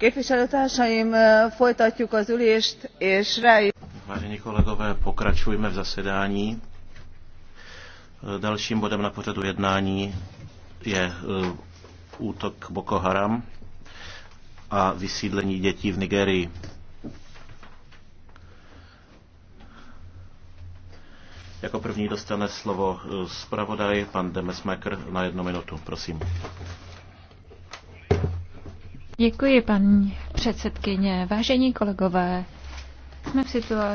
Eh, Vážení kolegové, pokračujme v zasedání. Eh, dalším bodem na pořadu jednání je eh, útok Boko Haram a vysídlení dětí v Nigerii. Jako první dostane slovo zpravodaj pan Demesmaker na jednu minutu. Prosím. Děkuji, paní předsedkyně. Vážení kolegové, jsme v situaci,